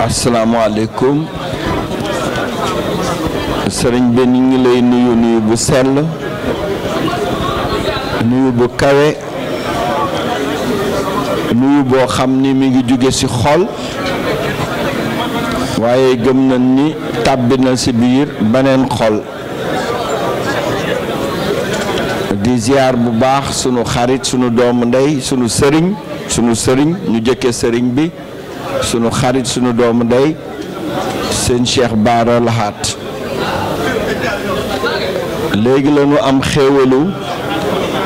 asalaamaaleykum sëriñ bi ni ngi lay nuyu nuyu bu sell nuyu bu kawe nuyu boo xam ni mi ngi jóge ci xol waaye gëm nañ ni tàbbi na ci biir beneen xol di bu baax sunu xarit sunu doomu ndey sunu sëriñ sunu sëriñ ñu jëkke sëriñ bi sunu xarit sunu doomu ndey seen Cheikh Baara Laxaat léegi la ñu am xéewalu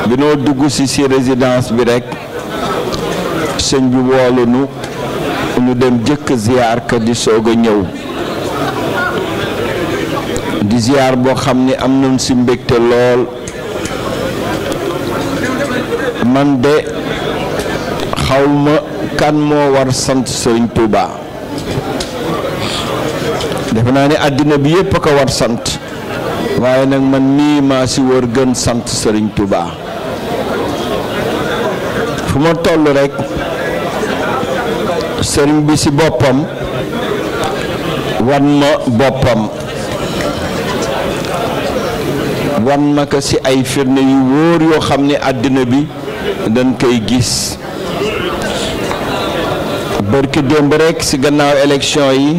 bi noo dugg ci ci résidence bi rekk sëñ bi woolu nu ñu dem jëkk ziyaar ka di soog a ñëw di ziyaar boo xam ni am nañ ci mbégte lool man de xawma kan moo war sant Serigne Touba defe naa ni àddina bi yépp a ko war sant waaye nag man mii maa si war gën sant Serigne Touba fu ma toll rekk sëriñ bi si boppam wan ma boppam wan ma ko ci ay firnde yu wóor yoo xam ne àddina bi dañ koy gis bërki démb rekk ci gannaaw élection yi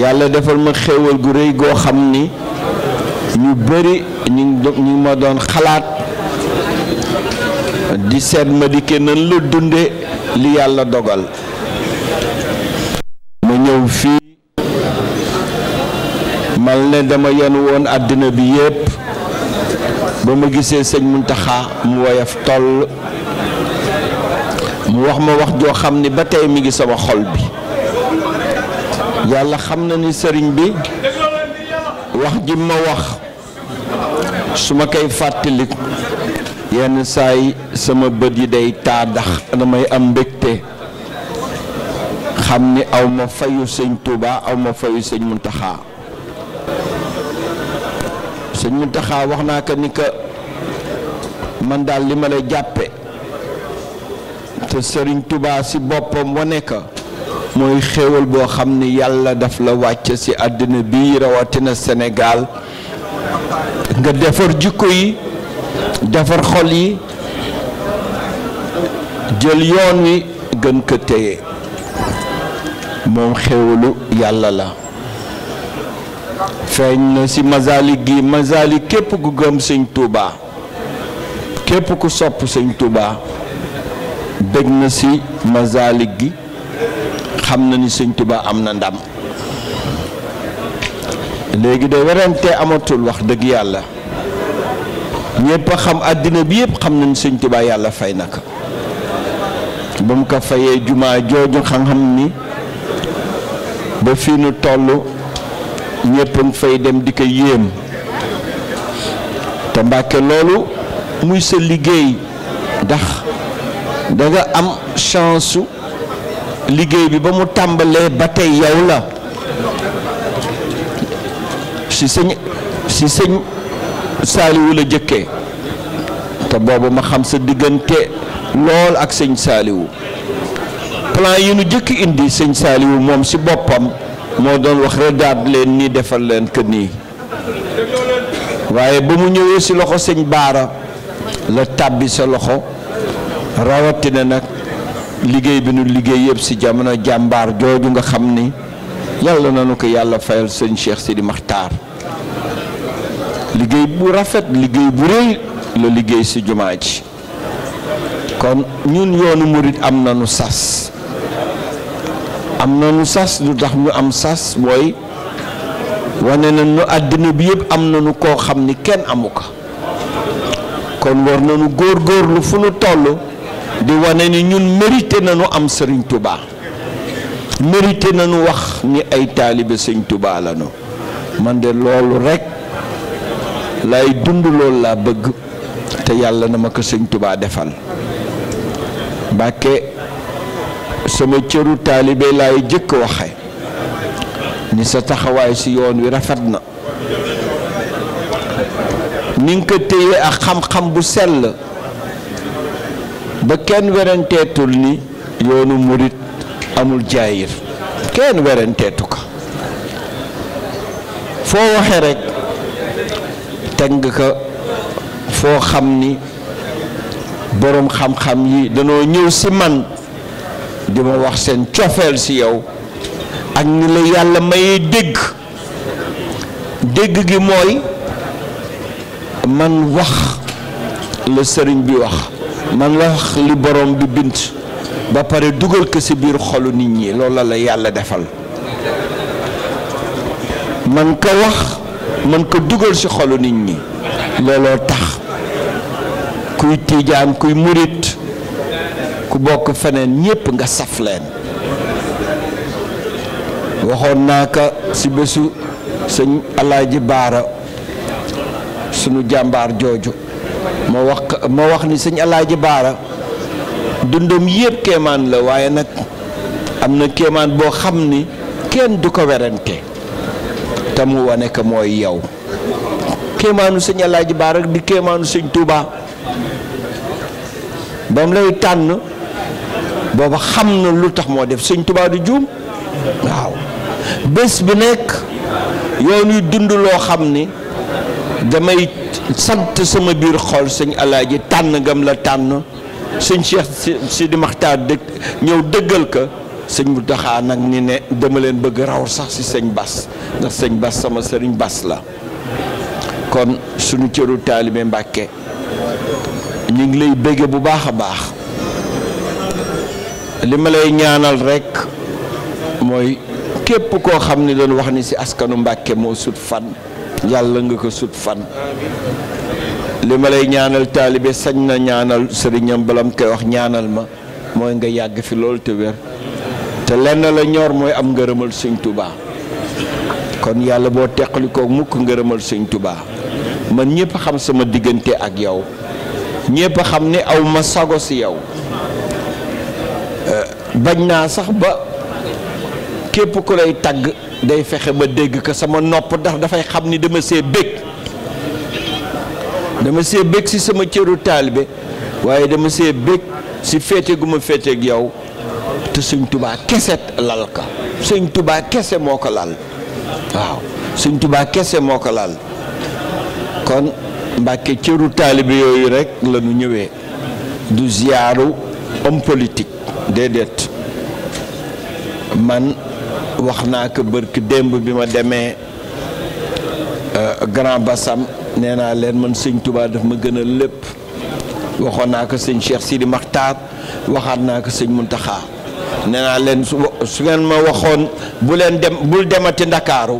yàlla defal ma xéewal gu rëy goo xam ni ñu bëri ñu ma doon xalaat di seet ma dikke nan la dunde li yàlla dogal ma ñëw fii mal ne dama yenn woon àddina bi yépp ba ma gisee sëñ Muntaxa mu woyof toll mu wax ma wax joo xam ni ba tey mi ngi sama xol bi yàlla xam na ni sëriñ bi wax ji ma wax su ma koy fàttali yenn saay sama bët yi day taadax ndax damay am mbégte xam ni aw ma fayu sëñ Touba aw ma fayu sëñ Muntaxa sëñ Muntaxa wax naa ko ni ko man daal li ma la jàppe te tubaa Touba ci boppam wa nekk mooy xéewal boo xam ne yàlla daf la wàcc ci àddina bi rawatina Sénégal nga defar jikko yi defar xol yi jël yoon wi gën ko téye moom xéewalu yàlla la feeñ na ci masalik gi masalik képp ku gëm sëñ Touba képp ku sopp sëñ Touba dëgg na ci mazaalik gi xam na ni sëñ am na ndam léegi de werante amatul wax dëgg yàlla ñëpp xam àddina bi yëpp xam na ni sëñ yàlla fay na ko ba mu ko fayee jumaa jooju xam ni ba fi nu toll ñëpp ngi fay dem di ko yéem te Mbàkke loolu muy sa liggéey ndax danga nga am chance liggéey bi ba mu tàmbalee ba tey yow la si sëñ si sëñ saaliwu la jëkke te boobu ma xam sa diggante lool ak sëñ saaliwu plan yi nu jëkk indi sëñ saaliwu moom si boppam moo doon wax redaat leen nii defal leen que nii waaye ba mu ñëwee si loxo sëñ baara la tàbbi sa loxo rawatina nag liggéey bi nu liggéey yëpp ci jamono jàmbaar jooju nga xam ni yàlla nanu ko yàlla fayal sëñ Cheikh Sidi Maxtaar liggéey bu rafet liggéey bu rëy la liggéey ci jumaa ji kon ñun yoonu murit am na nu sas am na nu sas lu tax ñu am sas mooy wane na nu àddina bi yëpp am na nu koo xam ni kenn amu ko kon war na nu góor góorlu fu nu toll di wane ni ñun mérité nañu am sëriñ tubaa mérité nañu wax ni ay taalibe sëñ tubaa lañu man de loolu rek lay dund loolu laa bëgg te yàlla na ma ko sëñ tubaa defal mbàkke sama cëru taalibe laay jëkk waxe ni sa taxawaay si yoon wi rafet na ni nga ko téye ak xam-xam bu sell ba kenn werenteetul ni yoonu murit amul jaayir kenn werenteetu ko foo waxe rek teg nga ko foo xam ni boroom xam-xam yi danoo ñëw si man di ma wax seen cofeel si yow ak ni la yàlla mayee dégg dégg gi mooy man wax la sëriñ bi wax man wax li borom bi bint ba pare dugal ko ci biir xolu nit ñi loola la yàlla defal man ko wax man ko dugal ci xolu nit ñi looloo tax kuy tiijaan kuy murit ku bokk feneen ñépp nga saf leen waxoon naa ko ci bésu sëñ Alaaji Baara sunu jàmbaar jooju moo wax moo wax ni sëñ Alaaji Baara dundam yëpp kéemaan la waaye nag am na kéemaan boo xam ni kenn du ko werante te mu wane ko mooy yow kéemaanu sëñ Alaaji Baara di kéemaanu sëñ Touba ba mu lay tànn booba xam na lu tax moo def sëñ Touba du juum waaw bés bi nekk yoon yu dund loo xam ni damay sant sama biir xol sëñ alaaji tànn gam la tànn sëñ Cheikh si Maxtaar dëkk ñëw dëggal ko sëñ Muntaxa nag ni ne dama leen bëgg raw sax si sëñ Bas ndax sëñ Bas sama sëriñ Bas la kon suñu cëru taalibe Mbàkke ñu ngi lay bëgge bu baax a baax li ma lay ñaanal rekk mooy képp koo xam ne doon wax ni si askanu Mbàkke moo sut fan yàlla nga ko sut fan li ma lay ñaanal taalibe sañ na ñaanal sëriñam balam koy wax ñaanal ma mooy nga yàgg fi loolu te wér te lenn la ñor mooy am ngërëmal sëñ tubaa kon yàlla boo teqalikoo mukk ngërëmal sëñ tubaa man ñépp xam sama diggante ak yow ñépp xam ni aw ma sago si yow eh, bañ naa sax ba képp ku lay tagg day fexe ba dégg ko sama nopp ndax dafay xam ni dama see bég dama see bég si sama cëru taalibe waaye dama see bég si féete gu ma féeteeg yow te sëñ tubaa kese lal ka sëñ tubaa kese moo ko lal waaw kese moo ko lal kon mbàkke cëru taalibe yooyu rek la ñu ñëwee du ziyaaru homme déedéet man wax naa ko bërk démb bi ma demee euh, Grand Bassam nee naa leen man sëñ Touba daf ma gën a lépp waxoon naa ko sëñ Cheikh Sidi Makhtar waxaat naa ko sëñ Muntaxa nee naa leen su su ngeen ma waxoon bu dem bul demati Ndakaaru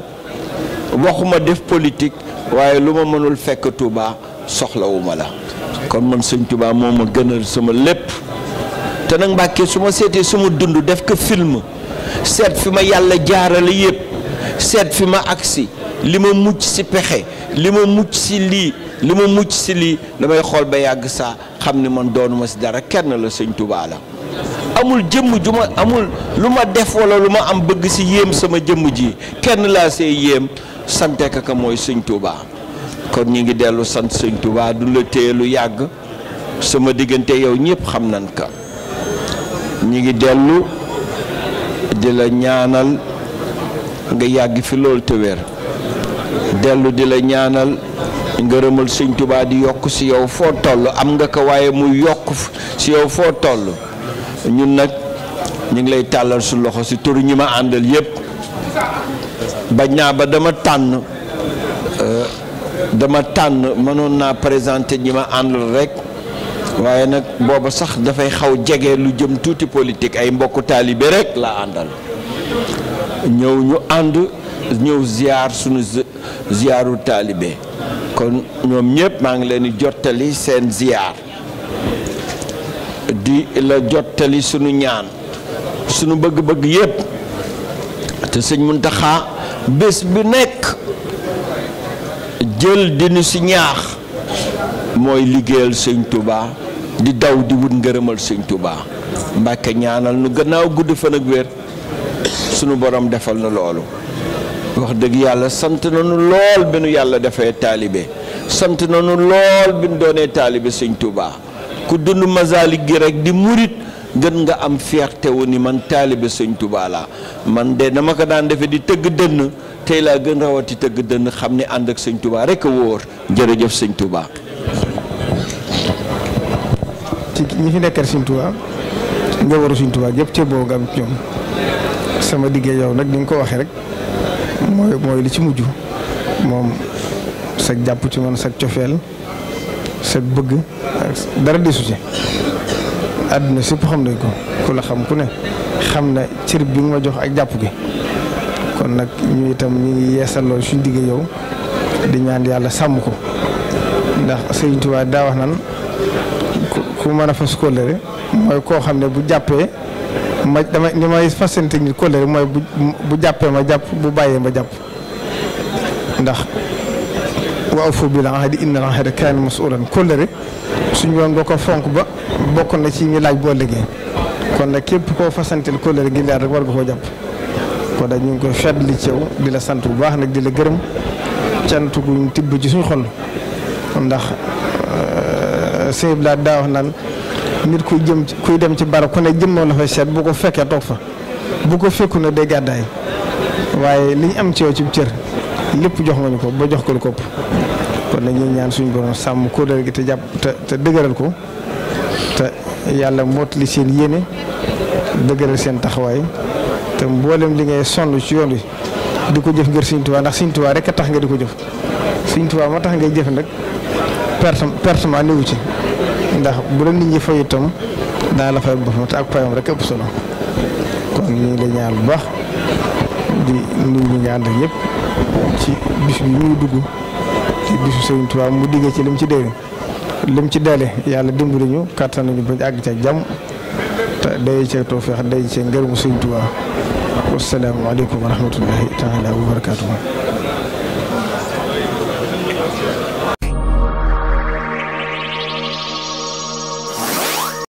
waxuma def politik waaye lu ma mënul fekk Touba soxlawuma la kon man sëñ Touba moom ma gënal sama lépp te nag Mbàkke su ma seetee suma dund def ko film seet fi ma yàlla jaarale yépp seet fi ma agsi li ma mucc ci pexe li ma mucc ci lii li ma mucc ci lii damay xool ba yàgg saa xam ni man doonuma ci dara kenn la sëñ Tuubaa la amul jëmm ju ma amul lu ma def walla lu ma am bëgg ci yéem sama jëmm ji kenn laa see yéem sante kaka mooy sëñ Tuubaa kon ñu ngi dellu sant sëñ Tuubaa du la téye lu yàgg sama diggante yow ñépp xam nan ka ñi ngi dellu di la ñaanal nga yàgg fi loolu te dellu di la ñaanal ngërëmal sëñ Tuubaa di yokk ci yow foo toll am nga ko waaye mu yokk ci yow foo toll ñun nag ñu ngi lay tàllal su loxo si tur ñi ma àndal yépp bañ naa ba dama tànn euh, dama tànn mënoon naa présenté ñi ma àndal rekk waaye nag booba sax dafay xaw jege lu jëm tuuti politik ay mbokku taalibe rekk la àndal ñëw ñu ànd ñëw ziar sunu ziaru taalibe kon ñoom ñëpp maa ngi leen di jottali seen ziar di la jottali sunu ñaan sunu bëgg-bëgg yëpp te sëñ Muntaxa bés bi nekk jël di nu si ñaax mooy liggéeyal sëñ Touba. di daw di wut ngërëmal sëñ Tuubaa Mbàkke ñaanal nu gannaaw gudd fan ak wér sunu boroom defal na loolu wax dëgg yàlla sant nañu lool bi nu yàlla dafay taalibe sant nañu lool doonee taalibe sëñ Tuubaa ku dund masaalik gi rek di murit gën nga am feex te wu ni man taalibe sëñ Tuubaa laa man de dama ko daan defe di tëgg dënn tey laa gën rawati tëgg dënn xam ni ànd ak sëñ Tuubaa rek a wóor jërëjëf sëñ Tuubaa ci ñi fi nekkal Sëriñ Tuubaa njabootu Sëriñ Tuubaa yëpp cër boobu nga am ci ñoom sama diggee yow nag di nga ko waxee rek mooy mooy li ci mujj moom sa jàpp ci man sag cofeel sa bëgg dara desu ci àdduna sépp xam nañ ko ku la ku ne xam na cër bi nga jox ak jàpp gi kon nag ñu itam ñu ngi yeesaloo suñu digg yow di ñaan yàlla sàmm ko ndax Sëriñ Tuubaa daa wax naan ku mën a fas kóllëre mooy koo xam ne bu jàppee ma dama ni may fasante ni kóllëre mooy bu jàppee ma jàpp bu bàyyee ma jàpp ndax wa awfu bil ahdi inna al ahda kaana suñ borom ko fonk ba bokk na ci ñi laaj boo liggéey kon nag képp koo fasanteel kóllëre gi leer rek war nga koo jàpp kon nag ñu ngi koy fetli li yow di sant bu baax nag di la gërëm cant guñ tibb ci suñ xol ndax sëñ Ibrahima daa wax naan nit kuy jëm kuy dem ci barab ku ne jëmmoon la fay seet bu ko fekkee toog fa bu ko fekku ne day gàddaay waaye liñ am ci yow ci cër lépp jox nga ñu ko ba jox ko lu kopp kon nag ñuy ñaan suñu borom sàmm kuréel gi te jàpp te te dëgëral ko te yàlla li seen yéene dëgëral seen taxawaay te mboolem li ngay sonn ci yoon wi di ko jëf ngir Sëñ Tuubaa ndax Sëñ Tuubaa rek a tax nga di ko jëf Sëñ Tuubaa ma tax ngay jëf nag. perte perte ma néewu ci ndax bu la nit ñi fay tam daa la fay boppam te ak payam rek ëpp solo kon ñu ngi lay bu baax di nuyu ñi nga ànd ak ñëpp ci bis bi ñu dugg ci bisu Sëriñ mu diggee ci lim ci déwén lim ci deele yàlla dimbali ñu kàttan bañ àgg ca jàmm te day cee tawfeex day cee ngërëmu Sëriñ Tuubaa wassalaamu aleykum wa rahmatullahi taala wa